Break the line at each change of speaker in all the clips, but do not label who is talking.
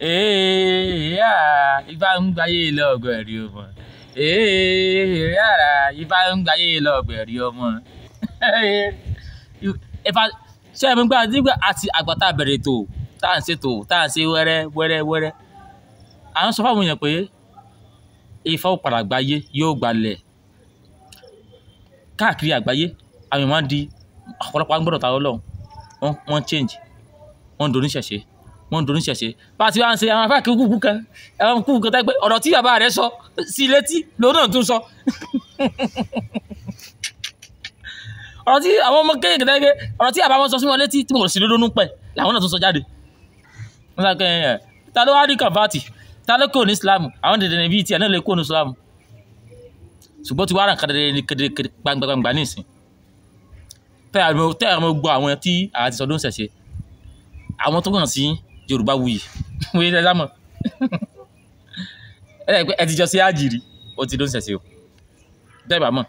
Ifá ń gbáyé lọ́gọ̀ ẹ̀rí ọmọ. Ifá ń gbáyé lọ́gọ̀ ẹ̀rí ọmọ. Ifá ṣé ẹ̀mí gbà nígbà àti àgbà tá a bẹ̀rẹ̀ tó tá à ń ṣètò tá à ń ṣe wẹ́rẹ́ wẹ́rẹ́ wẹ́rẹ́. À ń sọ fáwọn èèyàn pé Ifá ò padà gbáyé yóò gbalẹ̀. Káàkiri àgbáyé àwọn èèyàn máa ń di ọ̀pọ̀lọpọ̀ agbọ́dọ̀ ta ọlọ́run wọ́n change wọ́n doníṣẹ̀ṣe wọ́n ń doni ṣẹ̀ṣẹ̀ bá a ti wá ń ṣe àwọn afá kúkú kan àwọn kúkú kan tá pé ọ̀rọ̀ tí bàbá rẹ̀ sọ sí létí lòun náà tún sọ ọ̀rọ̀ tí àwọn ọmọ kéèké tá pé ọ̀rọ̀ tí bàbá wọn sọ sí wọn létí tí mo sì lódó pẹ̀ làwọn náà tún sọ jáde wọ́n sọ pé ta ló wá rí kàfáàtì ta ló kò ní Islam àwọn dèdè níbi tí ẹ̀ náà lè kó ní Islam ṣùgbọ́n ti wá rà kàdédé kedere gbangbangba nísìn tẹ́ àmọ́ gbọ́ àwọn tí yorùbá wuyì mo yẹ sẹ́sà mọ̀ ẹ ti jọ sí àjìrí o ti dún sẹ̀sẹ̀ o bẹ́ẹ̀ bá mọ̀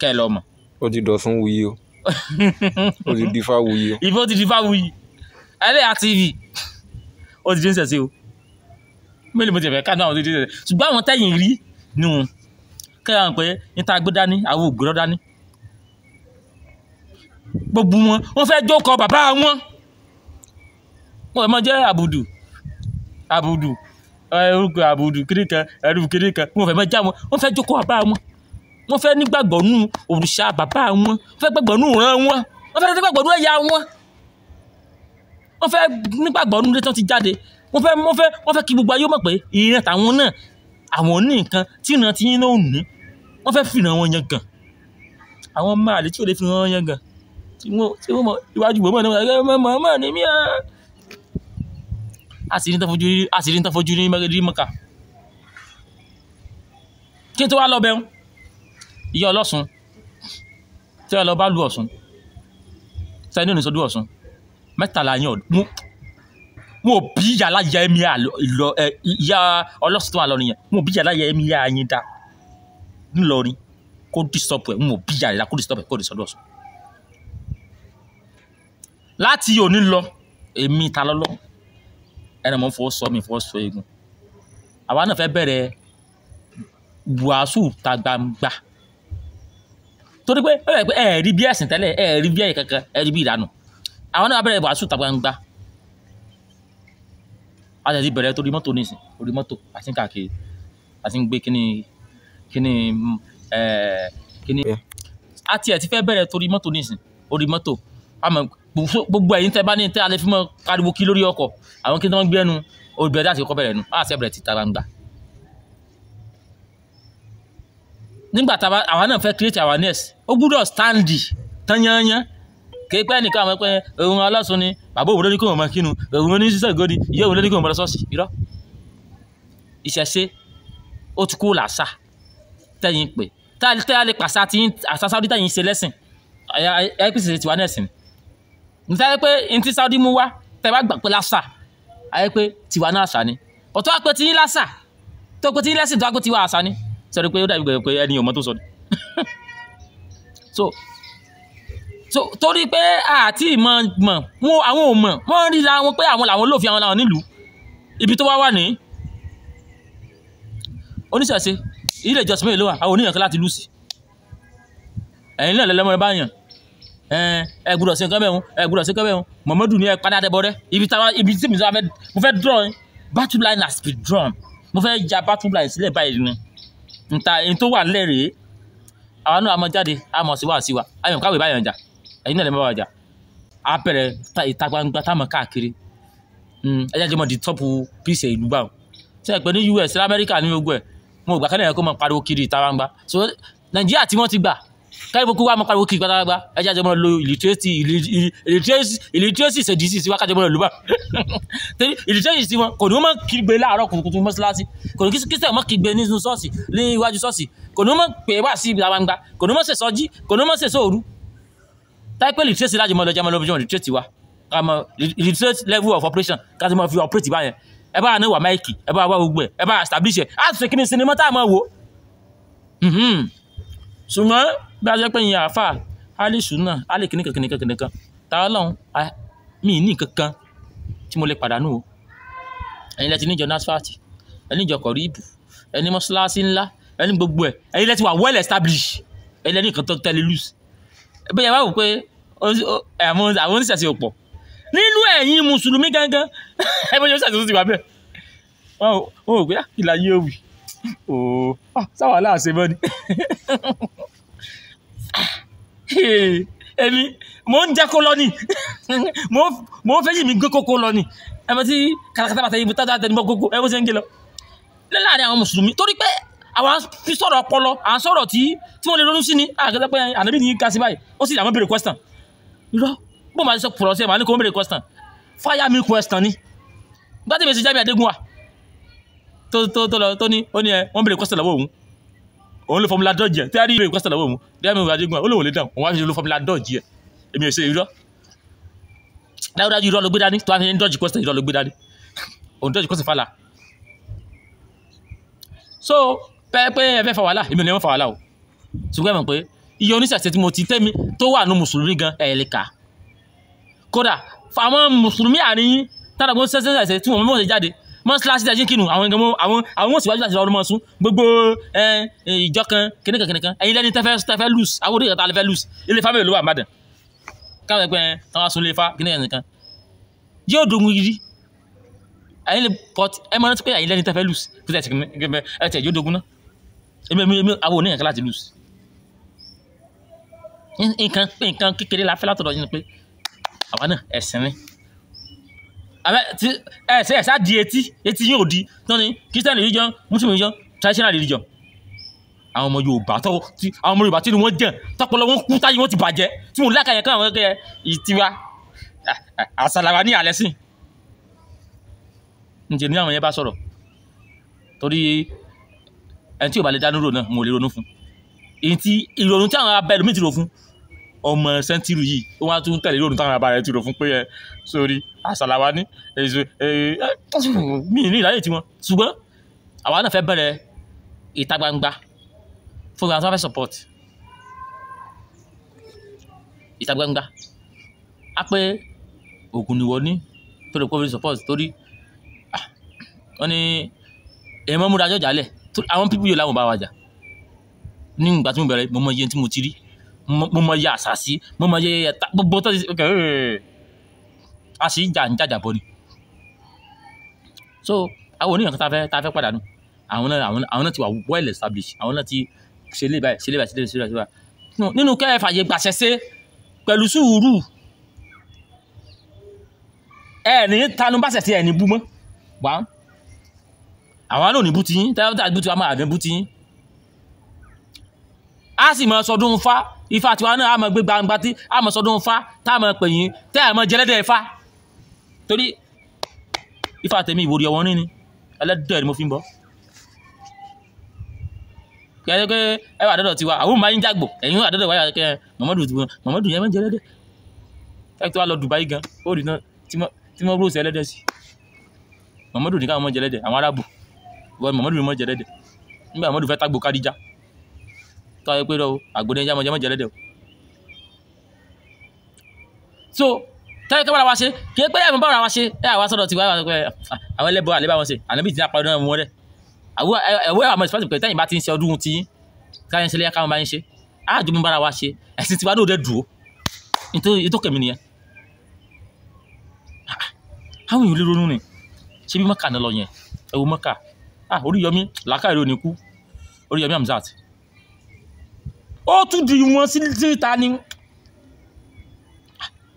kẹ́ ẹ lọ mọ̀. ó ti dọ̀sún wuyì o ó ti dífá wuyì o. ìbò ti dífá wuyì ẹlẹ́yà tv ó ti dún sẹ̀sẹ̀ o mélòó mo ti fẹ́ ká náà ó ti dún sẹ̀sẹ̀ ṣùgbọ́n àwọn tẹ̀yìn rí nù kẹ́ra pé níta gbé dání àwọn ògbó dání gbogbo wọn wọ́n fẹ́ jókòó bàbá wọn wọn mọ jẹ́ àbùdù àbùdù ẹrùkù àbùdù kiri kan ẹrùkù kiri kan wọn fẹ́ mọ já wọn wọn fẹ́ jókòó bàbá wọn wọn fẹ́ nígbàgbọ́ nù òrìṣà bàbá wọn wọn fẹ́ gbàgbọ́ nù ràn wọn wọn fẹ́ nígbàgbọ́ nù ẹ̀yà wọn wọn fẹ́ nígbàgbọ́ nù létí wọn ti jáde wọn fẹ́ wọn fẹ́ wọn fẹ́ kí gbogbo ayé mọ̀ pé ìran tàwọn náà àwọn ní nǹkan tí ìran ti yín náà ò ní wọn fẹ́ fìràn wọn yan gan àwọn ọmọ àlè tí ò lè fìràn wọn yan gan tí wọn tí wọn mọ iwájú gbọmọ náà wọn mọ mọ ní mí ah àṣírí tán fojú rí àṣírí tán fojú rí mọ́kà kí n tó wá lọ bẹ́ẹ̀ ìyá ọlọ́sùn tí wọ́n lọ bá lu ọ̀sùn sẹ́ni ò ní sọ́dún ọ̀sùn mẹ́tàlá yẹn ọ̀dún mo bí yàrá ya ẹ̀mí àlọ́ ìyá ọlọ́sùn tó wà lọ́rin yẹn mo bí yàrá ya ẹ̀mí yẹn dá ńlọrin kó disturb ẹ̀ mo bí yàrá kó disturb ẹ̀ kó disturb ọ̀sùn láti òní lo èmi ta lọ́lọ́ ẹnna mo ń fọwọ́ sọ mi fọwọ́ sọ eegun àwa náà fẹ́ bẹ̀rẹ̀ wàásù ta gbangba torí pé ẹ ẹ rí bí ẹ̀sìn tẹ́lẹ̀ ẹ rí bí ẹ̀yẹ kankan ẹ rí bí ìdánù àwọn náà bẹ̀rẹ̀ wàásù ta gbangba a ti bẹ̀rẹ̀ torí mọ́tò nísìn torí mọ́tò àti káàkiri àti gbé kíní kíní ẹ kíní a tiẹ̀ ti fẹ́ bẹ̀rẹ̀ torí mọ́tò nísìn orí mọ́tò àmọ́ gbogbo ẹ̀yin tẹ́ bá ní tẹ́ alẹ́ fi mọ́ ariwo kí lórí ọkọ̀ àwọn kí wọ́n gbé ẹnu olùbẹ̀rẹ̀ láti kọ́ bẹ̀rẹ̀ nu á sì bẹ̀rẹ̀ títa gbangba. nígbà tá àwọn náà fẹ́ create awareness ó gbúdọ̀ standi tányányá kìí pẹ́ nìkan àwọn ẹgbẹ́ òun ọlọ́sùn ni bàbá òun ló ní kó wọn máa kínu òun ní sísẹ́ ìgòdì ìyá òun ló ní kó wọn bọ́lá sọ́ọ̀sì irọ́ ìṣẹ̀ṣe ó ti kú làṣà tẹ́yìn pé tẹ́ a lè pàṣà tí àṣà sáwọ́dí tẹ́yìn ṣe lẹ́sìn ẹ̀ ẹ́ pèsè tiwa nẹ́sìn ni mo fẹ́ pé n tí Saudi mú wá tẹ́ bá gbà pé lásà ayé pé tiwa náà àṣà ni ọ̀tọ́ àpè tí yín lásà tó pé tí yín lẹ́sìn tó àpè tiwa àṣà ni sọ̀rọ̀ pé ó dàbí pé ẹni ò mọ̀ tó sọ ni so torí pé àti ìmọ̀ mọ̀ wọn àwọn ò mọ̀ wọ́n ríra wọn pé àwọn làwọn lòfin àwọn làwọn nílùú ibi tó wá wà ní oníṣẹ̀ṣe ilé ìjọsìn mélòó wà àwọn oníyànjú láti lù sí ẹ̀yin náà lẹ́lẹ́mọ́ ẹ bá yàn Eh, ẹ gbúdọ̀ sí nǹkan bẹ́ẹ̀ hùn ẹ gbúdọ̀ sí nǹkan bẹ́ẹ̀ hùn ni ẹ padà dẹ bọ́dẹ́ ibi táwa ibi tí mi sọ mo fẹ́ draw battle line as be drawn mo fẹ́ ja battle line sílẹ̀ báyìí nta tó wà àwọn náà àmọ́ jáde àmọ́ ayọ̀ káwé báyọ̀ ọjà ẹ̀yin náà lè mọ́ ọjà bẹ̀rẹ̀ ìta gbangba táwọn káàkiri hmm, ẹ jẹ́ di ìlú gbà ṣe pé ní US ní gbogbo ẹ̀ mo gbà káyọ̀ gbogbo wa mọ pariwo kiri gbàgbàgbà ẹ jẹ́ àjọmọ́ lo illiteracy illiteracy ṣe dìísì sí wa kájọ mọ́ lo bá torí illiteracy sí wọn kò ní wọ́n mọ́ kígbe láàárọ̀ kùtùkùtù mọ́ṣáláṣí kò ní kíṣẹ́ mọ́ kígbe nínú ṣọ́ọ̀ṣì ní iwájú ṣọ́ọ̀ṣì kò ní wọ́n pè wá sí ìgbà gbangba kò ní wọ́n ṣe sọ́jí kò ní wọ́n ṣe sóòru táìpẹ́ illiteracy láti mọ́ lọ jẹ́ mọ́ lọ́bí jọ́ illiteracy wa illiteracy level of operation káti mọ́ fi operate báyẹn ẹ bá ní wà máìkì ẹ bá wà gbogbo ẹ ẹ bá establish ẹ á tún ṣe kí ni sinimá tá a bí a ṣe pé ìyẹn àáfà alisu náà ali kìnìkan kìnìkan kìnìkan tàà lọ́hùn mi ní kankan tí mo lè pàdánù o ẹ̀yin lẹ́tí níjọ NASFAT ẹni ìjọ kọ̀ríbù ẹni mọ́ṣáláṣí ńlá ẹni gbogbo ẹ̀ ẹ̀yin lẹ́tí wà well established ẹni ẹni kan tó tẹ́lẹ̀ loose bẹ́ẹ̀ yẹn wá wò pé àwọn oníṣẹ̀ṣe ò pọ̀ nínú ẹ̀yin mùsùlùmí gángan ẹ bọ́jú oníṣẹ̀ṣe tó ti wà bẹ́ẹ̀ wọn ò gbé kí la yé òwì ooo sáwàlá ah, àṣemọ́ ni. èmi mò ń jẹ́ kó lọ ni mò ń fẹ́ yìí mi gbé kókó lọ ni ẹ mọ̀ tí kàràkàtà bàtà ibi tájà tẹnubọ́ kókó ẹ bó ṣe ń gé lọ láàrin àwọn mùsùlùmí torí pé àwọn fi sọ̀rọ̀ ọpọlọ àwọn sọ̀rọ̀ tí tí wọ́n lè ronú sí ni àgbẹ̀dẹ́ pé ànábì ní ká sí báyìí ó sì àwọn béèrè question irọ́ bó máa sọ pọ̀rọ̀ sí ẹ̀ máa ní kó béèrè question fire me question ni gbàdébèsì jábì adégún wa tó tó tó lọ tó ní ó ní ẹ wọ́n béèrè question lọ́wọ́ òun òun ló fọmùlà dọ́ọ̀jì ẹ̀ tí a rí ìwé ìkọ́sítà lọ́wọ́ mu díẹ̀ mi ò adégún ẹ̀ ó lè wò lé dáhùn òun wá fi ló fọmùlà dọ́ọ̀jì ẹ̀ èmi ò ṣe irọ́ dájúdájú irọ́ ló gbé dání tó wá fi ń dọ́ọ̀jì kọ́sítà irọ́ ló gbé dání òun dọ́ọ̀jì kọ́sítà fàlà so pẹ́ẹ́pẹ́ ẹ fẹ́ fa wàhálà èmi ò ní wọ́n fa wàhálà o ṣùgbọ́n ẹ mọ̀ pé iye oníṣẹ̀ṣẹ̀ tí mo ti tẹ́mi tó wà nù mùsùlùmí gan ẹ̀ lè kà kódà àwọn mùsùlùmí àárín yín tára gbọ́n ṣẹ́ṣẹ́ ṣẹ̀ṣẹ̀ tí wọ́n mọ̀ ṣe jáde mọ́ṣáláṣí tẹ̀sí kinu àwọn ìgbà àwọn àwọn òṣìwájú láti lọ́rùn mọ́ṣún gbogbo ìjọ kan kìnìkan kìnìkan ẹ̀yin lẹ́ni tẹ́fẹ́ tẹ́fẹ́ lùs àwọn òde ìkàtà lẹ́fẹ́ lùs ilé ifá mélòó wà mbàdàn káwọn ẹgbẹ́ táwọn aṣọ ilé ifá kìnìkan kìnìkan yóò dogun yìí ẹ̀yin lè pọt ẹ mọ rántí pé ẹ̀yin lẹ́ni tẹ́fẹ́ lùs kí ẹ tẹ̀ yóò dogun náà àwọn òní nǹkan láti lùs nǹkan kékeré la fẹ́ látọ̀dọ̀ yín ni pé àwa náà ẹ̀sìn ni ẹ ṣe di etí etí yín ò di tó ní christian religion muslim religion traditional religion àwọn ọmọ yorùbá tó ti àwọn ọmọ yorùbá tí wọ́n jẹ tọpọlọ wọn kú táyé wọ́n ti bàjẹ́ tí wọ́n lákàyè kí àwọn kẹkẹ ìtiwa àṣàlàwà ní alẹ́ sìn ǹjẹ́ ní àwọn yẹn bá sọ̀rọ̀ torí ẹni tí yorùbá lè dá nírò náà mo lè ronú fún èyí tí ìrònú tí àwọn abẹ́lómi ti rò fún ọmọ sẹ́ńtírì yìí ó wá tún tẹ̀lé lóòrùn táwọn abalẹ̀ ti rò fún pé ẹ sórí àṣàlàwà ní èso mi ní ìráyè tiwọn ṣùgbọ́n àwa náà fẹ́ bẹ̀rẹ̀ ìta gbangba fún ìgbà tó fẹ́ support ìta gbangba á pé ògùn nìwọ ní tó lè covid support torí wọ́n ní èèmọ́ múra jọjà lẹ̀ àwọn pípú yóò láwọn bá wa jà ní ìgbà tí mo bẹ̀rẹ̀ mo mọ iye tí mo ti rí mo mọ iye àṣàṣì mo mọ iye ẹ̀ta gbogbo tó ti ṣe a sì jà ń jàjà bọ́ ni so àwọn oníyàn kan tá a fẹ́ tá a fẹ́ padà nù àwọn náà àwọn náà ti wà well established àwọn náà ti ṣe lè báyìí ṣe lè báyìí ṣe lè báyìí ṣe lè báyìí nínú kẹ́ ẹ fàyè gbàṣẹ ṣe pẹ̀lú sùúrù ẹ ní tanu bá ṣẹ̀ sí ẹ ní bú mọ́ wá àwọn náà ní bú ti yín tẹ́lẹ̀ bú ti wá máa ní bú ti yín a sì mọ sọdún fa ifá tiwa náà a mọ gbé gbangba tí a mọ sọdún fa tá a mọ pè yín tẹ́ ẹ̀ mọ jẹlẹ́dẹ̀ fa torí ifá tèmi ìwòrì ọ̀wọ́n ní ni ẹlẹ́dẹ̀ ni mo fi ń bọ́ kẹ́ẹ́ pé ẹ wà dọ́dọ̀ tiwa àwọn máa ń jàgbò ẹ̀yin wà dọ́dọ̀ wáyà kẹ́ mọ̀mọ́dù tiwọn mọ̀mọ́dù yẹn máa ń jẹlẹ́dẹ̀ ẹ ti wá lọ Dubai gan ó rí náà tí wọ́n rúùsì ẹlẹ́dẹ̀ sí mọ̀mọ́dù ní káwọn mọ̀ jẹlẹ́dẹ̀ àwọn arábù mọ̀mọ́dù ni mọ̀ jẹlẹ́dẹ̀ nígbà mọ̀mọ́dù fẹ́ tágbó Kádíjà tọ́ ẹ pé rọ o àgbòdo ẹja mọ̀jẹ́ mọ̀jẹ́ lẹ́dẹ̀ o. so tẹ́lẹ̀ kẹ́bàrà wa ṣe kí ẹ pé ẹ̀mí bàrà wa ṣe ẹ àwa sọ̀rọ̀ tiwa àwọn ẹlẹ́bọ àlẹ́ bá wọn ṣe ànábì tí ní apá ọdún wọn rẹ̀ ẹ̀wọ́ àwọn ìfọ̀sọ̀ pẹ̀lú tẹ́yìn bá ti ń ṣe ọdún tí káyọ̀ ń ṣe lẹ́yà káwọn bá ń ṣe àádùn bàrà wa ṣe ẹ̀sìn tiwa náà dẹ̀ dùn ó ìtòkèmí nìyẹn àwọn èèyàn lè ronú ni ṣé bí mọ́kà náà lọ yẹn ẹ̀wọ̀ mọ́kà ah, orí yọmí làákàyèrè ò ní kú orí yọmí amzat ó tún di wọn síta ni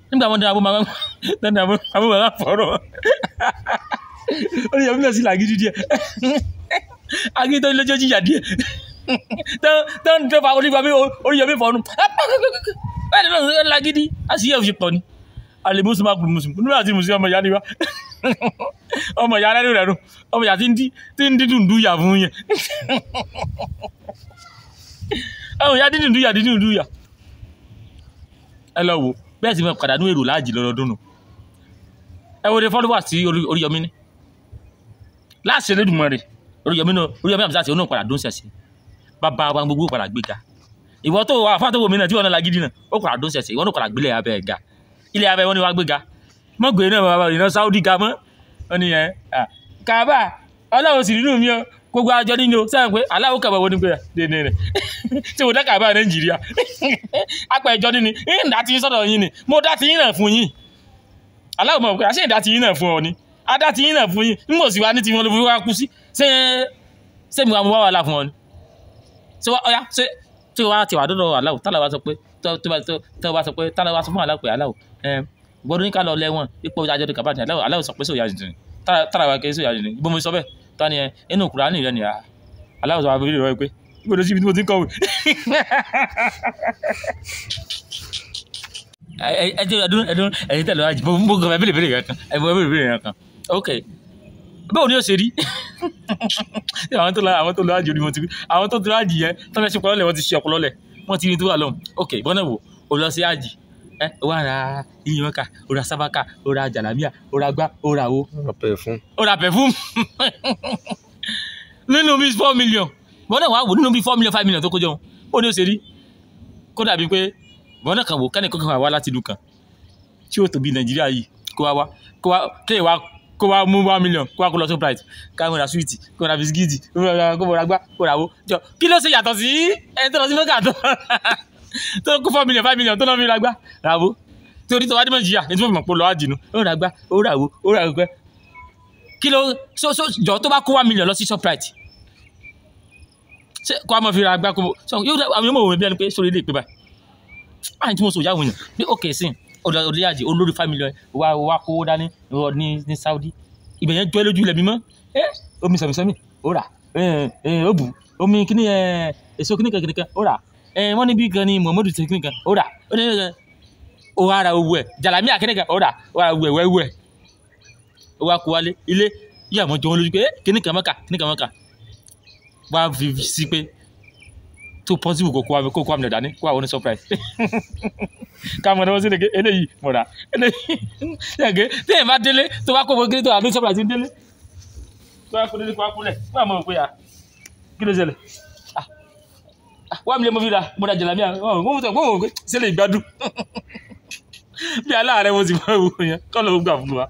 nígbà wọn dára bó máa dára bó máa fọ̀rọ̀ ó ní ìyàwó náà sí làgídí díẹ̀ agídí tó ní lójó jìyà díẹ̀ tó ń dẹ́fà oníyàwó fọ̀rọ̀ bẹ́ẹ̀ ló ń lagídí àṣìyẹ́ òṣì pọ̀ ni alimusulma kulu musulmi nínú àti musulmi ọmọ ìyá ni wa ọmọ ìyá rẹ̀ rẹ̀ ọmọ ìyá tí ń dídùn dùn yà fún yẹn ẹ̀hún yá dídùn dúyà dídùn dúyà ẹ lọ wò bẹ́ẹ̀ sì máa padà ní èrò láàjì lọ́dọọdún nù ẹ wo de fọ́lọ́wà sí Oríyọmí ní láàṣẹ Elédùmarè Oríyọmí náà Oríyọmí àmì òun náà padà dún sẹ̀sẹ̀ bàbá wa gbogbo padà gbéga ìwọ tó wà fún àtọwọ́ mi náà tí wọn náà lagídí náà ó padà dún sẹ̀sẹ̀ ìwọ náà padà gbélé abẹ́ ga ilé abẹ́ wọn ni wàá gbéga mọ́gbé náà bàbá ìran Saudi ga mọ́ ọ nìyẹn kàbá Ọlọ́run sì nínú mi o gbogbo àjọ nínú sẹ́yìn pé aláwọ̀ kàbà wo ni pé dèdè rẹ̀ tí mo dákà bá nàìjíríà apá ìjọ nínú ń dá ti sọ̀rọ̀ yín ni mo dá ti yín náà fún yín aláwọ̀ mọ̀ pé àṣẹ ìdá ti yín náà fún ọ ni adá ti yín náà fún yín nígbò sí wa ní ti wọn ló fi wá kú sí ṣé ṣé mi wà mo wá wà láfún ọ ni ṣé wá ọyá ṣé tí wàá ti wà dọ́dọ̀ aláwọ̀ tálà wá sọ pé tó bá sọ pé tálà wá sọ fún aláwọ̀ pé aláwọ̀ gbọ́dọ̀ ní ká lọ lẹ́wọ̀n ipò àjọ tani ẹ inú kùránì a nìyà aláwùjọ àwọn abẹ́rẹ́ rẹ pé gbọdọ̀ síbi tí mo ti ń kọ̀wé. ẹ jẹ́ ẹdún ẹdún ẹ̀yin tẹ̀lé wájú mo kàn fẹ́ bèrè bèrè yẹn kan ẹ̀ mo bèrè bèrè yẹn kan ok báwo ni yóò ṣe rí àwọn tó lára àwọn tó lára jù ni mo ti rí àwọn tó lára jù yẹn tó fẹ́ ṣe ọpọlọ lẹ̀ wọ́n ti ṣe ọpọlọ lẹ̀ wọ́n ti rí tó wà lọ́hùn ok bọ́nà wò ó lọ sí àjì ẹ wà ra iyan ká o ra sábàkà o ra jàlámíà o ra gbá o ra wo. o ra pẹfúm. o ra pẹfúm nínú bí four million wọn náà wà wò nínú bí four million five million tó kó jọ ó ní ó ṣe rí kó dàbí pé wọn náà kàn wò kánìkan kan wà láti ìlú kan tí ó tóbi nàìjíríà yìí kó wá wá kó wá kéèyàn wá kó wá mú one million kó wá kó lọ tó bright káwọn ra sweet kó ra bisikíìtì kó ra gbá kó ra wo jọ kí ló ṣe yàtọ̀ sí ẹni tó lọ sí mẹ́kà tó. tó kó four million five million tó náà fi ra gbá ràwó torí tó wá dé Nàìjíríà ní tí wọ́n fi mọ̀ pé lọ́wọ́ àjìnú ó ra gbá ó ra wo ó ra gbẹ́ kí ló so so jọ tó bá kó one million lọ sí Shoprite ṣé kó a mọ̀ fi ra gbá kó so yóò dá àwọn yóò mọ̀ wọ̀ bí ẹni pé sórí ilé ìpè báyìí báyìí tí mo sọ ìyá àwọn pé okay sí olùyàjì olórí five million wa wa kó dání ní ní Saudi ibẹ̀ yẹn jọ́ lójú ilẹ̀ mímọ́ ẹ omi sọ̀mísọ̀mí ó rà ó bù omi kíní ẹ èso kíní kankan ó rà Eh, wọ́n níbí gan ni muhammadu ṣe kí nìkan ó rà ó ní nìkan ó wá ra owó ẹ̀ jalami akínìkan ó rà ó ra owó ẹ̀ wẹ́wẹ́ ẹ̀ ó wá kó wálé ilé yíyà mọ́ jọ wọn lójú pé eh, kíníkan mọ́ka kíníkan mọ́ka wá fi sí pé tó pọ́sibù kò kó wa kó kó wa mi dání kó wa wọ́n ní surprise ká mọ̀ ní wọ́n sì lè gé eléyìí mọ̀ rà eléyìí ṣàgé téèyàn bá délé tó bá kó wọn kí tó wà ní surprise délé tó bá kó délé kó wa kúlẹ̀ kó wa mọ̀ ah, wá mi lé mo fi ra mo ra jàlámíà mo sọ pé òun ṣe lè gbádùn bí aláàárẹ̀ mo sì máa wò yẹn kọ́ ló ń gbà wa.